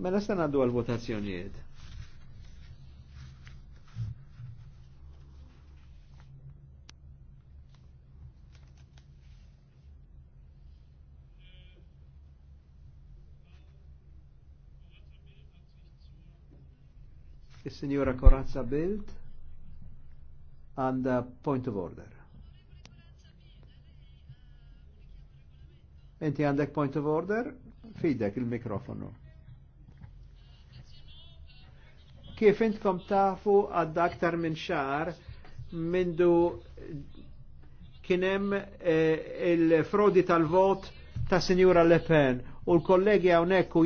Mela se għaddu għal-votazzjonijiet. Is-Sinjora Corazza Bild għanda point of order. Enti għandek point of order? Fidek il-mikrofonu. Kif intkom tafu għadda aktar minn xar mindu kienem eh, il-frodi tal-vot ta' Sinjura Le Pen u l-kollegi għawnek u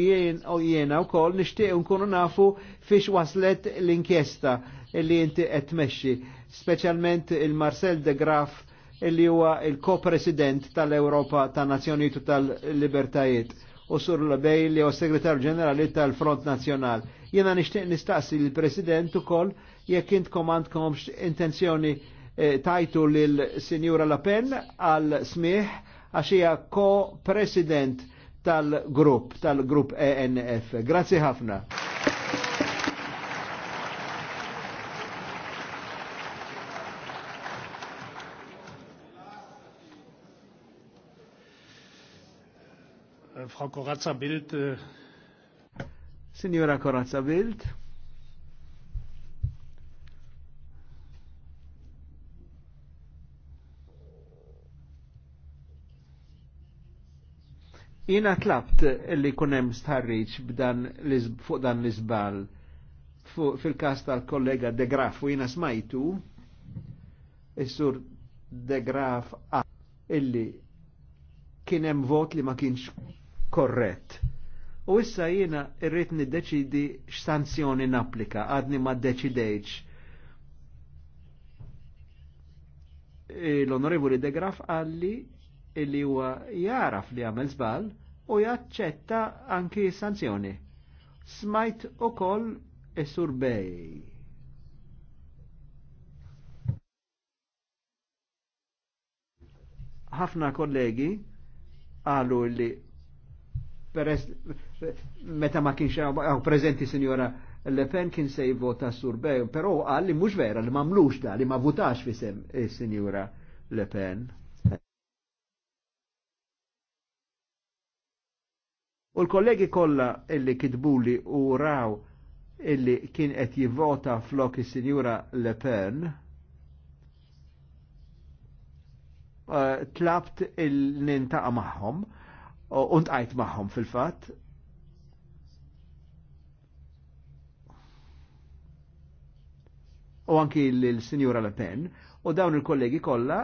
jiena u kol nishtiq nkunu nafu fiex waslet l-inkjesta li inti etmexxi, specialment il-Marcel de Graf illi huwa il co president tal-Europa ta' Nazzjonitu tal-Libertajiet u sur l-bej li u segretar ġenerali tal-Front Nazjonal. Jena nishtiq nistaqsi l-President u koll jekk int komandkom intenzjoni eh, tajtu l sinjura Lapen għal smih għax hija ko-President tal-grupp, tal-grupp ENF. Grazie ħafna. Frau Corazza Bild eh, Signora Corazza Bild. Jina tlabt li kunem starriċ b'dan fuq dan l-izbal fil-kas tal-kollega De Graf u jina smajtu is-sur De Graf a illi kienem vot li ma kienx korrett U issa jiena irrit niddeċidi sanzjoni napplika, għadni ma ddeċidejx. E, L-Onorevoli De Graf għalli li huwa jaraf li għamel żball u jaċċetta anki sanzjoni. Smajt ukoll koll sur Ħafna kollegi qalu li peress meta ma kienx għaw prezenti sinjora Le Pen kien se jivvota sur Bej, però għalli mhux vera li mamlux da li ma votax fi sem eh, sinjura Le Pen. U l-kollegi kollha illi kitbuli u raw illi kien qed jivvota flok is-sinjura Le Pen, eh, tlabt il-nintaqa maħħom U għajt magħhom fil-fat. U anki l-Sinjura Le Pen, u dawn il-kollegi kolla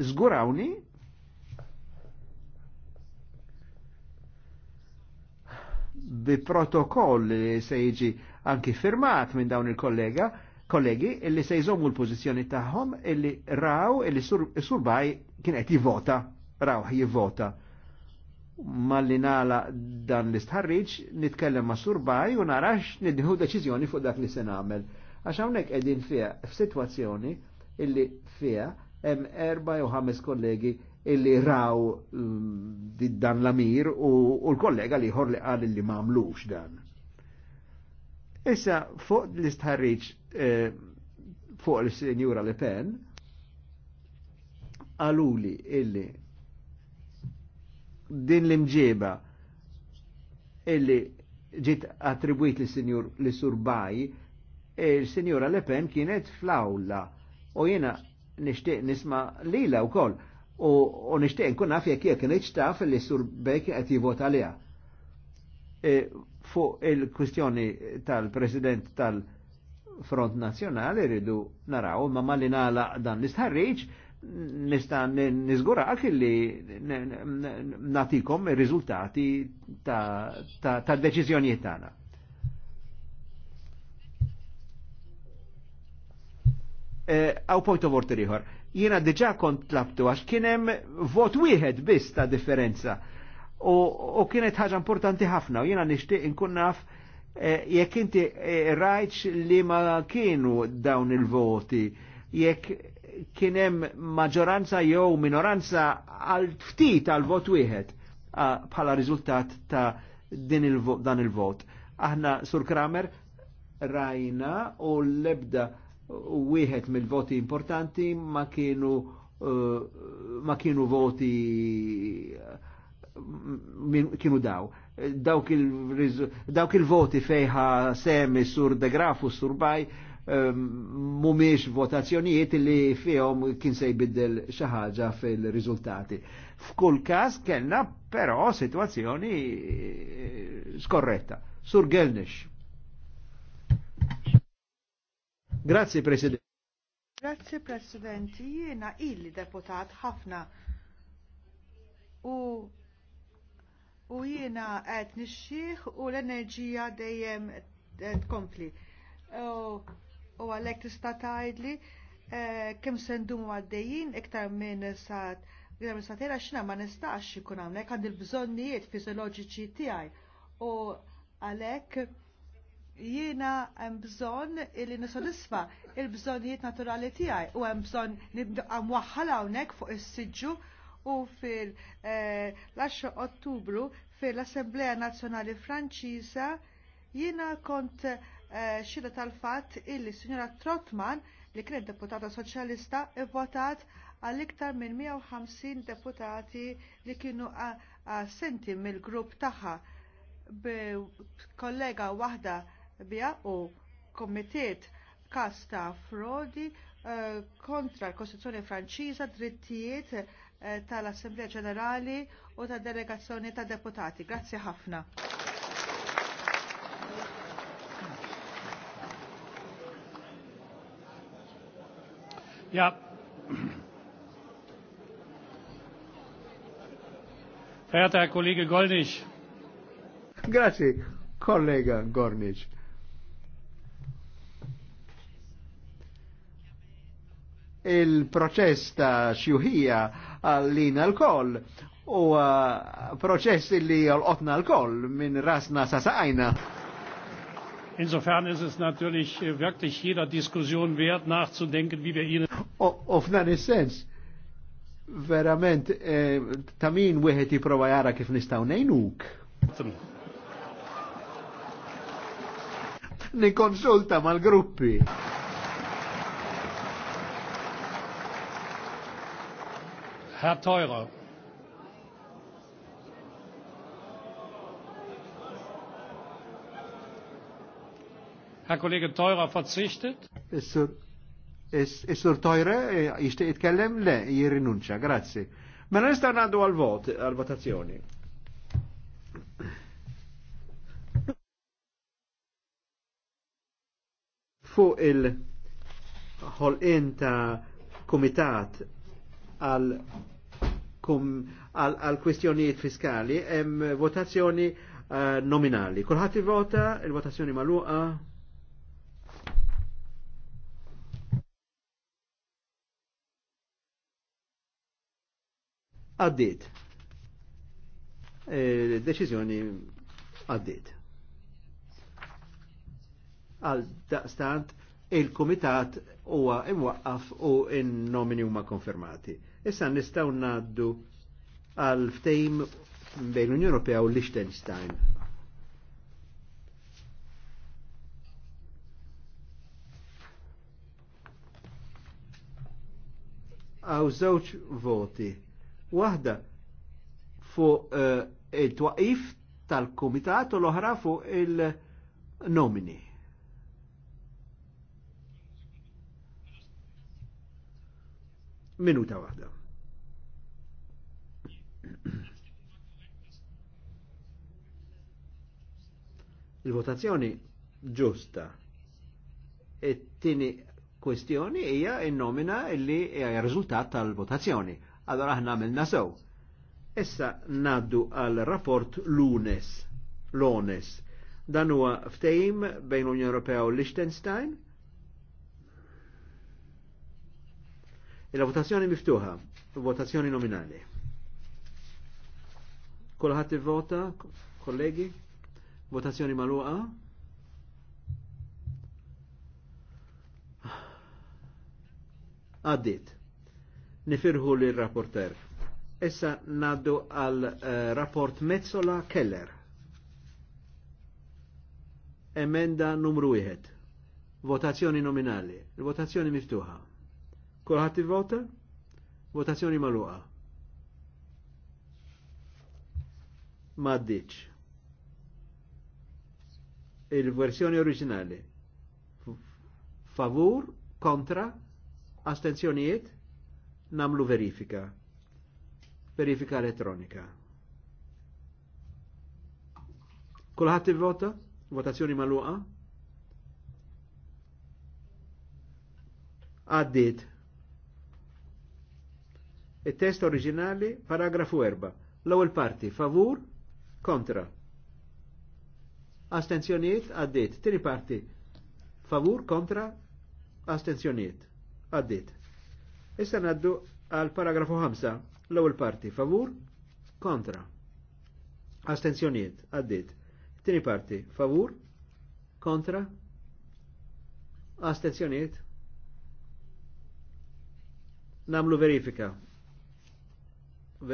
zgurawni bi protokoll li se jiġi anki firmat minn dawn il-kollega, kollegi illi se jżommu l-pozizjoni tagħhom illi raw illi sur, surbaj kien qed jivvota, raw jivvota malli nala dan l-istħarriċ, nitkellem ma' surbaj u narax nidħu deċizjoni fuq dak li se nagħmel. Għax hawnhekk qegħdin fiha f'sitwazzjoni illi fiha hemm erba' jew ħames kollegi illi raw mm, dan l-amir u, u l-kollega li jħor li qal li mamlux dan. Issa fuq l-istħarriċ eh, fuq l-Sinjura Le Pen, għaluli illi din l imġeba illi ġiet attribwit li sinjur li surbaj, il-sinjura Le Pen kienet fl-awla u jena nishtiq nisma lila u koll u nishtiq nkun naf jekk kien iċtaf li surbej qed jivot liha. E, fuq il-kwistjoni tal-President tal-Front Nazzjonali rridu naraw ma Malinala dan l istħarriċ nista nizgura għak li natikom il-rizultati ta', ta, ta deċizjonijiet tagħna. Għaw e, point of order iħor. Jena diġa kont tlabtu għax kienem vot wieħed biss ta' differenza. U, kienet ħaġa importanti ħafna u jiena nixtieq nkun naf jekk inti rajċ li ma kienu dawn il-voti jekk kienem maġoranza jew minoranza għal ftit għal vot wieħed bħala riżultat ta' din il dan il-vot. Aħna sur Kramer rajna u l-ebda wieħed mill-voti importanti ma kienu uh, ma kienu voti eh, kienu daw. Dawk il-voti il fejħa semi sur de grafu sur baj mumiex ehm, votazzjonijiet li fihom kien se jbiddel xi ħaġa fil-riżultati. F'kull każ kellna però situazzjoni eh, skorretta. Sur Gelnix. Grazie Presidente. Grazie Presidente, jiena illi deputat ħafna u u jiena qed nixxieħ u l-enerġija dejjem tkompli u għalhekk tista' tajdli eh, kemm sendum għaddejjin iktar minn sat iktar minn satira xina ma nistax ikun hawnhekk għand l-bżonnijiet fizoloġiċi tiegħi u għalhekk jiena hemm bżonn li nisodisfa il-bżonnijiet naturali tiegħi u hemm bżonn għam mwaħħal hawnhekk fuq is-siġġu u fil-10 eh, Ottubru fil-Assemblea Nazzjonali Franċiża jiena kont Eh, xida tal-fatt illi s-Sinjora Trotman li kienet deputata soċjalista votat għal iktar minn 150 deputati li kienu assenti mill-grupp tagħha kollega waħda biha u komitet kasta ta' frodi eh, kontra l-Kostituzzjoni Franċiża drittijiet eh, tal-Assemblea Ġenerali u tad delegazzjoni tad deputati. Grazzi ħafna. Ja. Verehrter Herr Kollege Gollnisch. Grazie, Kollege Gornic. Il-proċess ta' xjuħija għallin alkoll u eh, proċess li għal-qotna alkoll minn rasna sa' sajna. Insofern ist es natürlich äh, wirklich jeder Diskussion wert, nachzudenken, wie wir ihnen. Of dan is-sens, verament, eh, tamin weheti provajara kif nistaw nistgħu Ne konsulta mal-gruppi. Herr Teurer. Herr Kollege Teurer verzichtet? Is-sur Teurer eh, jishtiq jitkellem le jirrinunċa, grazzi. Mela nista' ngħaddu għal-vot, għal-votazzjoni. Fuq il-ħolqien ta' kumitat għal għal kwestjonijiet fiskali hemm votazzjoni uh, nominali. Kulħadd ivota, il-votazzjoni magħluqa. għaddit. E, deċizjoni għaddit. Għal daqstant il-komitat huwa imwaqqaf u in-nomini huma konfermati. Issa nistgħu ngħaddu għal ftejm bejn l-Unjoni Ewropea u Liechtenstein. Għaw zewċ voti waħda fuq uh, il-twaqif tal komitat u l-oħra fuq il-nomini. Minuta waħda. Il-votazzjoni ġusta. E tini kwestjoni hija in-nomina illi hija riżultat tal-votazzjoni Allora aħna għamilna sew. Issa naddu għal rapport lunes, lones. Dan huwa ftejim bejn l-Unjoni Ewropea u Liechtenstein. Il-votazzjoni miftuħa, votazzjoni nominali. Kulħadd ivvota, kollegi, votazzjoni magħluqa. Għaddit nifirħu li rapporter. Issa naddu għal uh, rapport Mezzola Keller. Emenda numru 1. Votazzjoni nominali. Votazzjoni miftuħa. Kulħadd vota? Votazzjoni maluqa. Maddiċ. Il-versjoni oriġinali. Favur, kontra, astenzjonijiet, namlu verifika. Verifika elettronika. Kulħadd vota? Votazzjoni maluqa? Għaddit. Il-test oriġinali, paragrafu erba' L-ewwel parti, favur, kontra. Astenzjoniet, għaddit. Tini parti, favur, kontra, astenzjoniet. għaddit. Issa naddu għal paragrafu 5, l-ewwel parti, favur, kontra. Astenzjoniet, għaddit. Tini parti, favur, kontra, astenzjoniet. Namlu verifika.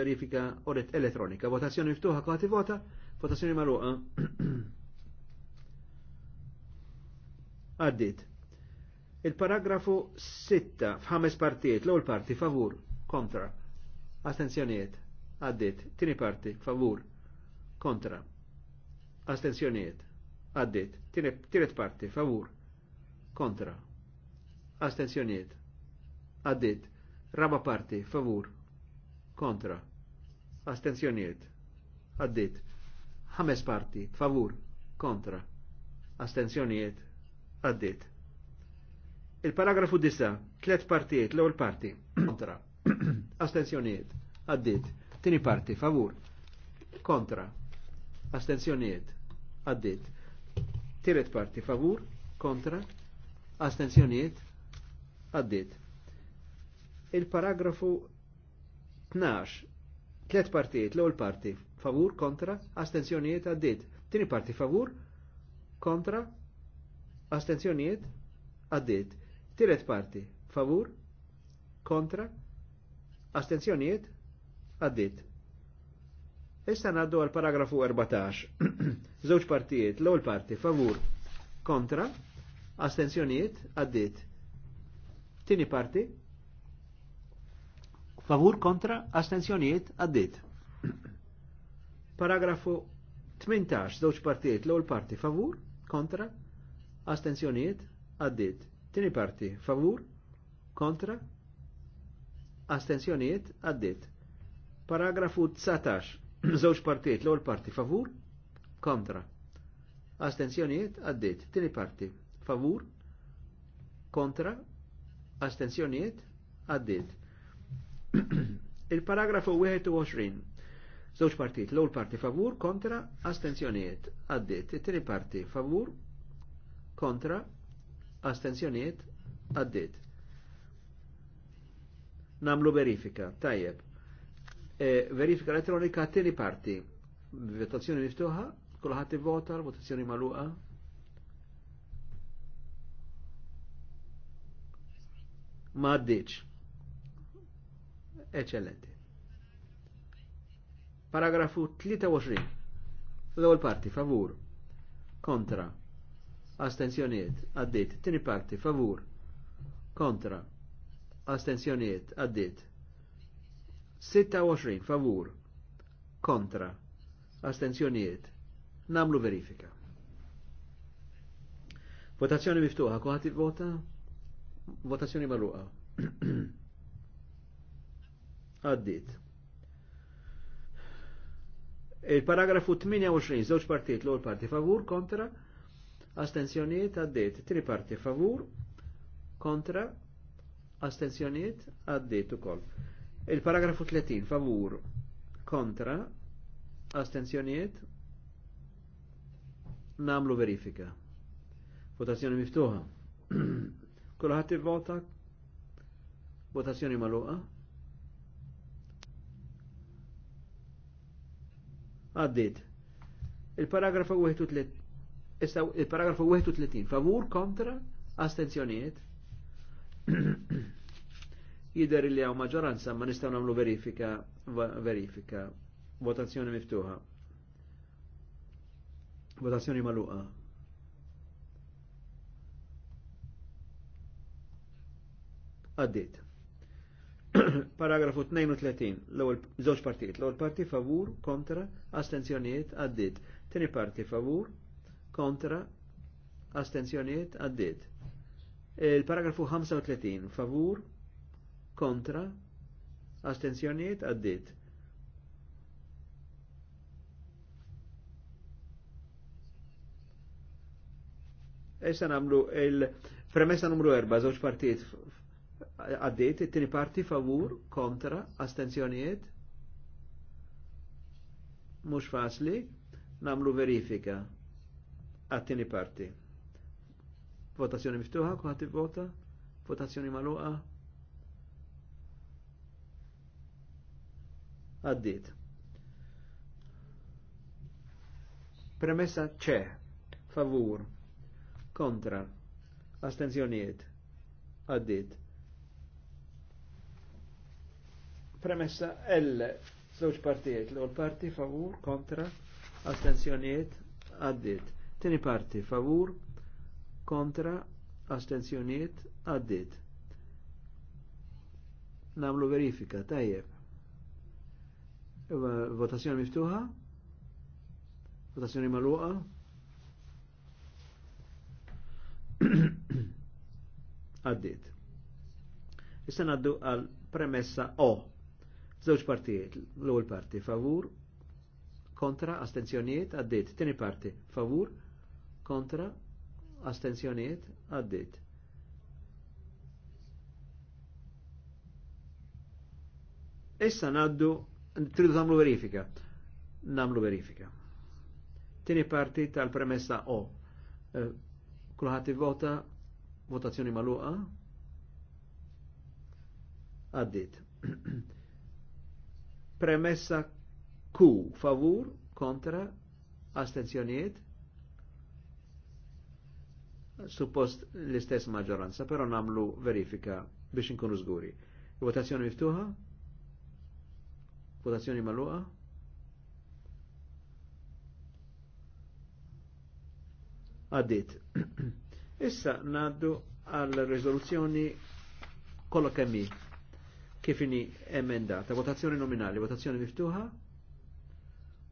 Verifika oret elettronika. Votazzjoni miftuħa kwati vota, votazzjoni marruqa. Għaddit. Il-paragrafu 6 f'ħames partijiet, l-ewwel parti favur, kontra. Astenzjonijiet, għaddit. Tieni parti favur, kontra. Astenzjonijiet, għaddit. Tiret parti favur, kontra. Astenzjonijiet, għaddit. Raba parti favur, kontra. Astenzjonijiet, għaddit. Ħames parti favur, kontra. Astenzjonijiet, għaddit Il-paragrafu disa, tlet partijiet, l-ewwel parti, kontra, astenzjonijiet, għaddit, tini parti, favur, kontra, astenzjoniet, għaddit, tiret parti, favur, kontra, astenzjonijiet, għaddit. Il-paragrafu 12, tlet partijiet, l-ewwel parti, favur, kontra, astenzjoniet, għaddit, tini parti, favur, kontra, astenzjoniet, għaddit Tiret parti, favur, kontra, astenzjoniet, addit. Issa naddu għal paragrafu 14. Żewġ partijiet, l-ewwel parti favur kontra, astenzjoniet, addit. Tini parti favur kontra, astenzjoniet, addit. Paragrafu 18, żewġ partijiet, l-ewwel parti favur kontra, astenzjoniet, addit. Tini parti, favur, kontra, astensjoniet, għaddit. Paragrafu 19, żewġ partijiet, l parti favur, kontra. Astensjoniet, għaddit. Tini parti, favur, kontra, astensjoniet, għaddit. Il-paragrafu 21, żewġ partijiet, l għol parti favur, kontra, astensjoniet, għaddit. Tini parti, favur, kontra, astenzjoniet għaddit. Namlu verifika, tajjeb. E, verifika elettronika t-tini parti. Votazzjoni miftuħa, kullħat vota, votazzjoni maluqa. Ma għaddiċ. Eccellenti. Paragrafu 23. L-ewwel parti, favur. Kontra astenzjoniet, għaddit. Tini parti, favur, kontra, astenzjoniet, għaddit. 26, favur, kontra, astenzjoniet, namlu verifika. Votazzjoni miftuħa, kuħati vota? Votazzjoni maluqa. Għaddit. Il-paragrafu 28, zoċ partijiet, l-għol parti favur, kontra, astenzjoniet għaddejt tri parti favur, kontra, astenzjoniet għaddejt u koll. Il-paragrafu 30, favur, kontra, astenzjoniet, namlu verifika. Votazzjoni miftuħa. Kulħat vota votazzjoni maluqa. Għaddit. Il-paragrafu 31 Issa il-paragrafu 31, favur kontra astenzjoniet. Jider li għaw maġoranza ma nistaw namlu verifika, verifika, votazzjoni miftuħa. Votazzjoni maluqa. Għaddit. Paragrafu 32, l-ewwel żewġ partijiet, l-ewwel parti favur, kontra, astenzjonijiet, għaddit. Tieni parti favur, kontra, astenzjoniet għaddit. Il-paragrafu 35, favur, kontra, astenzjoniet għaddit. Issa namlu il-premessa numru 4, żewġ partijiet għaddit, it-tieni parti favur, kontra, astenzjoniet. Mhux fasli. namlu verifika għattini parti. Votazzjoni miftuħa, kuħat vota votazzjoni maluqa. Għaddit. Premessa ċe, favur, kontra, astenzjoniet, għaddit. Premessa L, żewġ partijiet, l għol parti favur, kontra, astenzjoniet, għaddit Tini parti favur kontra astenzjoniet għaddit. Namlu verifika, tajjeb. Votazzjoni miftuħa? Votazzjoni maluqa? Għaddit. Issa naddu għal premessa O. Żewġ partijiet, l-ewwel parti favur, kontra, astenzjonijiet, għaddit. Tieni parti favur, kontra, astenzjoniet, għaddit. Issa naddu, tridu namlu verifika. Namlu verifika. Tini parti tal-premessa O. Eh, Kulħati vota, votazzjoni maluqa, għaddit. premessa Q, favur, kontra, astenzjoniet, suppost l-istess maġġoranza, però namlu verifika biex inkunu żguri. Votazzjoni miftuħa? Votazzjoni maluqa? Għaddit. Issa naddu għal rezoluzzjoni kollha kemmi kif emendata. Votazzjoni nominali, votazzjoni miftuħa?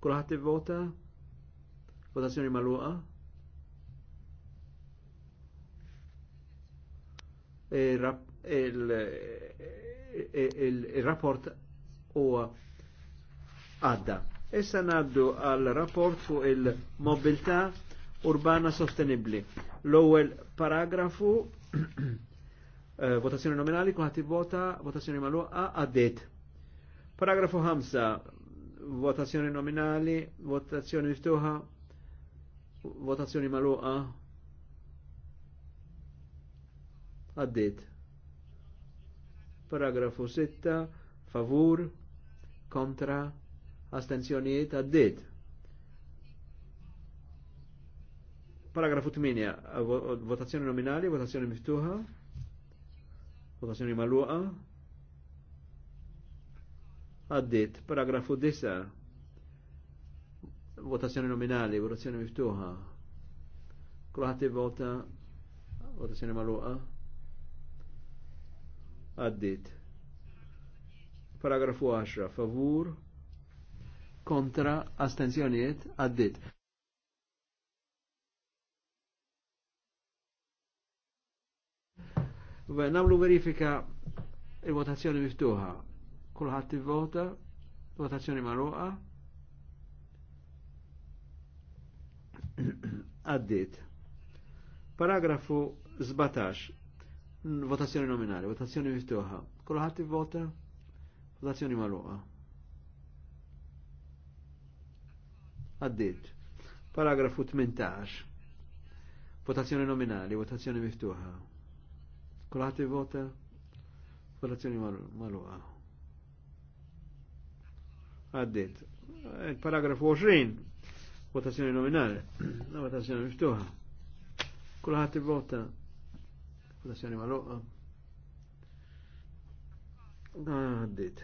Kulħadd vota? Votazzjoni maluqa? il-rapport u għadda. Issa naddu għal rapport fuq il-mobilità urbana sostenibli. L-ewwel paragrafu eh, votazzjoni nominali kulħadd vota votazzjoni magħluqa għaddiet. Paragrafu 5 votazzjoni nominali, votazzjoni miftuħa, votazzjoni magħluqa għaddit. Paragrafu 6, favur, kontra, astenzjoniet, għaddit. Paragrafu 8, votazzjoni nominali, votazzjoni miftuħa, votazzjoni maluqa, għaddit. Paragrafu 9, votazzjoni nominali, votazzjoni miftuħa. Kulħat vota votazzjoni maluqa għaddit. Paragrafu 10, favur, kontra, astenzjoniet, għaddit. Namlu verifika il-votazzjoni miftuħa. Kulħadd vota votazzjoni magħluqa. Għaddit. Paragrafu 17 votazzjoni nominali, votazzjoni miftuħa. Kulħadd ivvota, votazzjoni magħluqa. Għaddiet. Paragrafu 18. Votazzjoni nominali, votazzjoni miftuħa. Kulħadd ivvota, votazzjoni magħluqa. Għaddiet. Eh, paragrafu 20. Votazzjoni nominali, votazzjoni miftuħa. Kulħadd ivvota, Votazzjoni marruqa. Għaddit.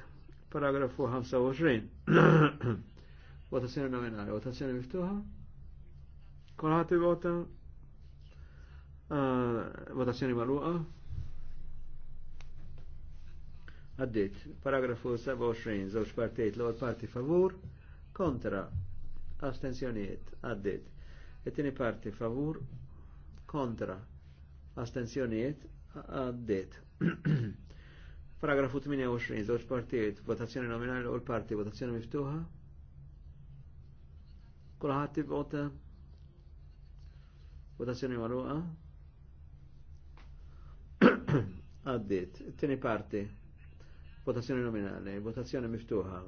Paragrafu 25. Votazzjoni nominali. Votazzjoni miftuħa. Kolħati vota. Ah, votazzjoni marruqa. Għaddit. Paragrafu 27. Zawx partijt. L-għol parti favur. Kontra. Astenzjoniet. Għaddit. Et-tini parti favur. Kontra astenzjoniet għaddit. Paragrafu 28, żewġ partijiet, votazzjoni nominali u l-parti, votazzjoni miftuħa. Kulħadd vota votazzjoni magħluqa. Għaddit. Tini parti, votazzjoni nominali, votazzjoni miftuħa.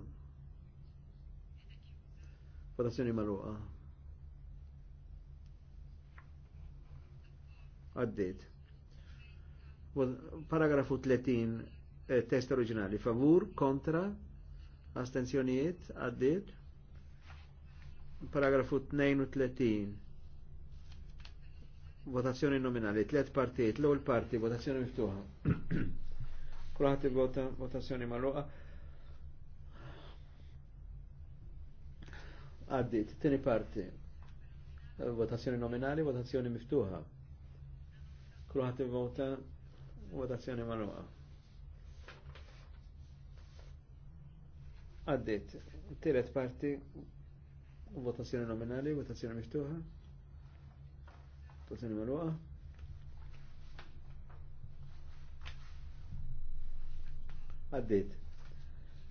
Votazzjoni maluqa. għaddit. Paragrafu 30, eh, test oriġinali, favur, kontra, astenzjonijiet, għaddit. Paragrafu 32, votazzjoni nominali, tlet partijiet, l-ewwel parti, votazzjoni miftuħa. Kulħadd vota votazzjoni maluqa. Għaddit, tieni parti, votazzjoni nominali, votazzjoni miftuħa il vota votazzjoni magħluqa. Għaddit, Tiret parti votazzjoni nominali, votazzjoni miftuħa, votazzjoni magħluqa. Għaddit.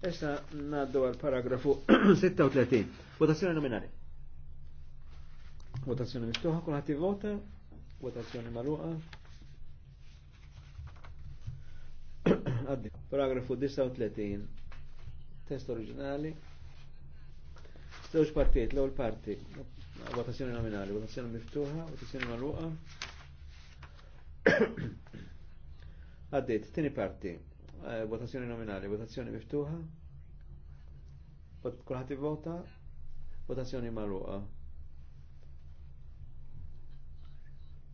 Issa naddu għal paragrafu 36. Votazzjoni nominali. Votazzjoni miftuħa, kulħati vota. votazzjoni magħluqa. għaddi. Paragrafu 39. Test oriġinali. Żewġ partijiet, l-ewwel parti. Votazzjoni nominali, votazzjoni miftuħa, votazzjoni magħluqa. Għaddit, tieni parti. Eh, votazzjoni nominali, votazzjoni miftuħa. kulħati vota? votazzjoni marruqa.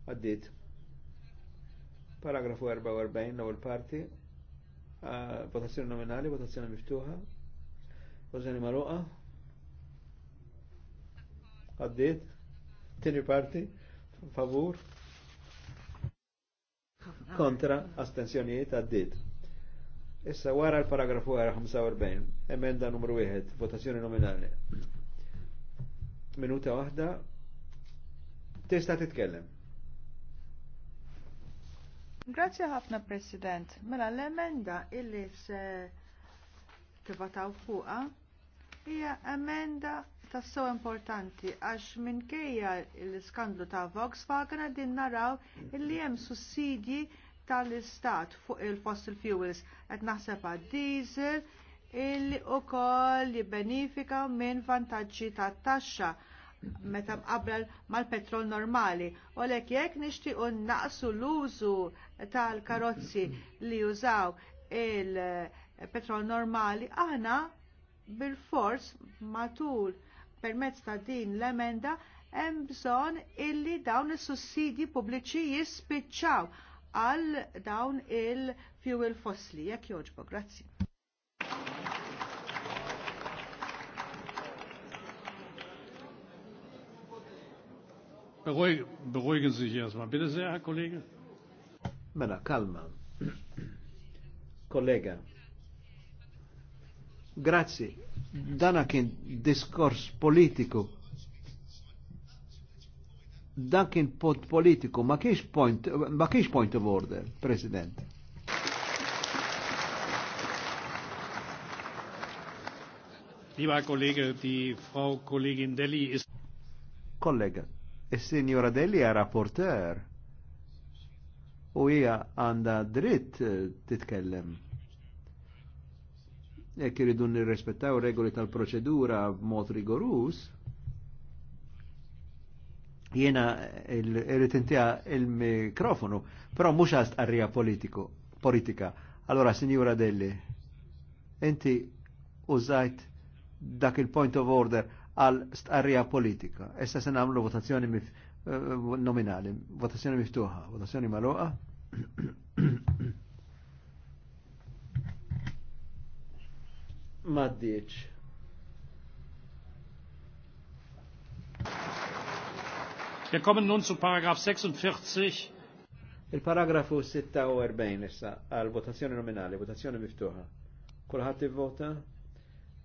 Għaddit. Paragrafu 44, l-ewwel parti, Eh, votazzjoni nominali, votazzjoni miftuħa, votazzjoni maruqa, għaddiet, tini parti, favur, kontra, astensjonijiet, għaddiet. Issa wara l-paragrafu 45, emenda numru 1, votazzjoni nominali. Minuta waħda, tista titkellem. Grazie ħafna President. Mela l-emenda illi se tibataw fuqa hija emenda tasso importanti għax minkejja l-iskandlu ta' Volkswagen din naraw illi hemm sussidji tal-istat fuq il-fossil fuels qed naħseb diesel illi wkoll jibbenifika minn vantaġġi tat-taxxa meta mqabbel mal-petrol normali. U għalhekk jekk nixtiequ naqsu l-użu tal-karozzi li jużaw il-petrol normali, aħna bil-fors matul permezz ta' din l-emenda hemm bżonn illi dawn is-sussidji pubbliċi jispiċċaw għal dawn il-fuel fossili. Jekk joġbo, grazzi. beruhigen Sie sich erstmal. Bitte sehr, Herr Kollege. Mela, kalma. Kollega. Grazie. Dana kien diskors politiku. Dan kien pot politiku, ma kiex point, ma kiex point of order, President. Lieber Kollege, die Frau Kollegin Delli ist... Kollega, il sinjora Delli hija rapporter u hija għanda dritt eh, titkellem. Jekk iridu nirrespettaw regoli tal-proċedura b'mod rigorus, jiena irrid intiha il-mikrofonu, però mhux għast arrija politiku, politika. Allora, Sinjura Delli, inti użajt dak il-point of order għal stqarrija politika. Issa se nagħmlu votazzjoni mif eh, nominali, votazzjoni miftuħa, votazzjoni magħluqa. Maddiċ. Wir kommen nun zu Paragraf 46. Il-paragrafu 46 issa għal votazzjoni nominali, votazzjoni miftuħa. Kulħadd ivvota,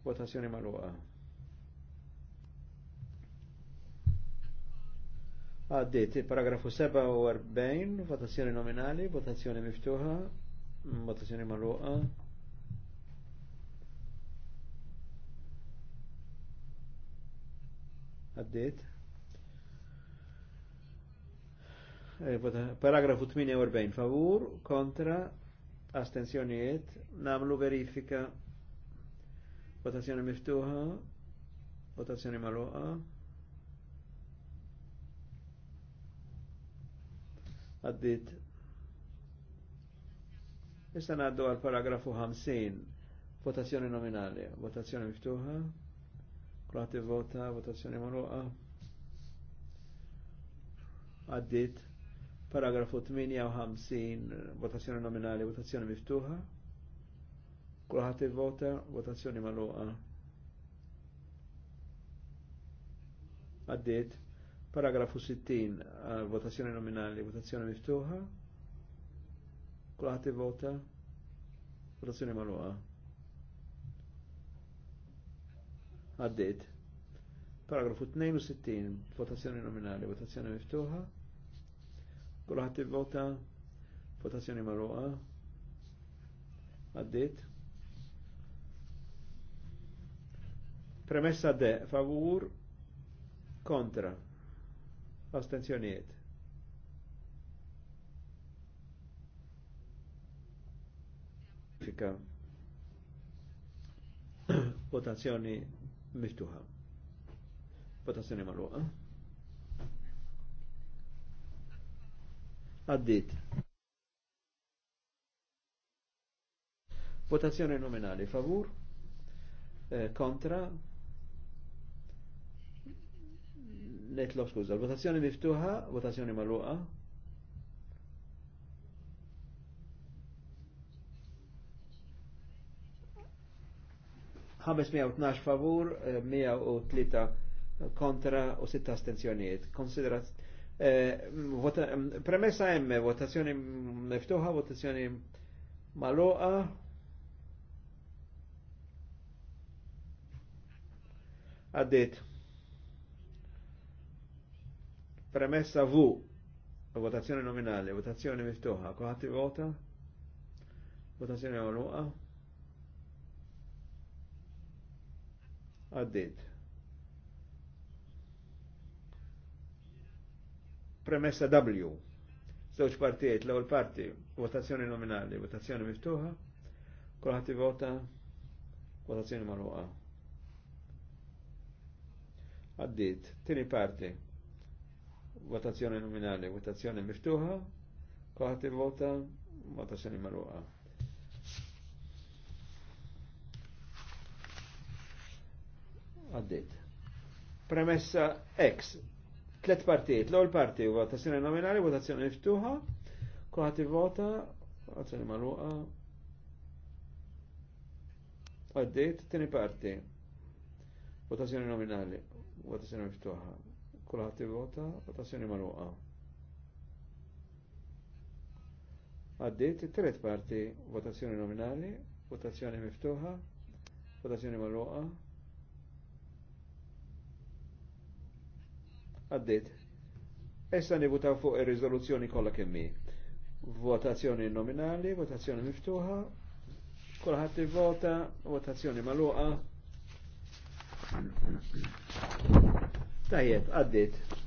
votazzjoni magħluqa. Għaddit, paragrafu 47, votazzjoni nominali, votazzjoni miftuħa, mm, votazzjoni marruqa. Għaddit. Eh, paragrafu 48, favur, kontra, astenzjoniet, namlu verifika, votazzjoni miftuħa, votazzjoni marruqa. għaddit. Issa għaddu għal paragrafu 50, votazzjoni nominali, votazzjoni miftuħa, klati vota, votazzjoni marruqa, għaddit. Paragrafu 58, votazzjoni nominali, votazzjoni miftuħa, kulħat vota, votazzjoni marruqa. Għaddit Paragrafu 60 għal eh, votazzjoni nominali, votazzjoni miftuħa. Kulħati vota. Votazzjoni maluqa. Għaddit. Paragrafu 62, votazzjoni nominali, votazzjoni miftuħa. Kulħati vota. Votazzjoni maluqa. Għaddit. Premessa de favur kontra Astenzjoniet. Fika. Votazzjoni miftuħa. Votazzjoni maluqa. Addit. Votazzjoni nominali. Favur? Eh, Nejtlob skuża, votazzjoni miftuħa, votazzjoni magħluqa. ħames 512 favur, 103 eh, kontra u 6 astenzjonijiet. Konsiderat eh, premessa hemm votazzjoni miftuħa, votazzjoni magħluqa. Għaddit. Premessa V, votazzjoni nominali, votazzjoni miftuħa, kuħati vota, votazzjoni għonuqa, għaddit. Premessa W, żewġ partijiet, l-ewwel parti, votazzjoni nominali, votazzjoni miftuħa, kulħadd vota, votazzjoni magħluqa. Għaddiet, tieni parti, votazzjoni nominali, votazzjoni miftuħa, kohati vota votazzjoni marruqa. Għaddit. Premessa X. Tlet partijiet, l-ewwel parti votazzjoni nominali, votazzjoni miftuħa, kohati vota votazzjoni marruqa. Għaddit, tini parti. Votazzjoni nominali, votazzjoni miftuħa, Kulħadd ivota votazzjoni magħluqa. Għaddiet it-tret parti votazzjoni nominali, votazzjoni miftuħa, votazzjoni magħluqa. Essa Issa nivutaw fuq ir-riżoluzzjoni kollha kemm Votazzjoni nominali, votazzjoni miftuħa, kulħadd ivvota, votazzjoni magħluqa. Tajjeb, għaddit.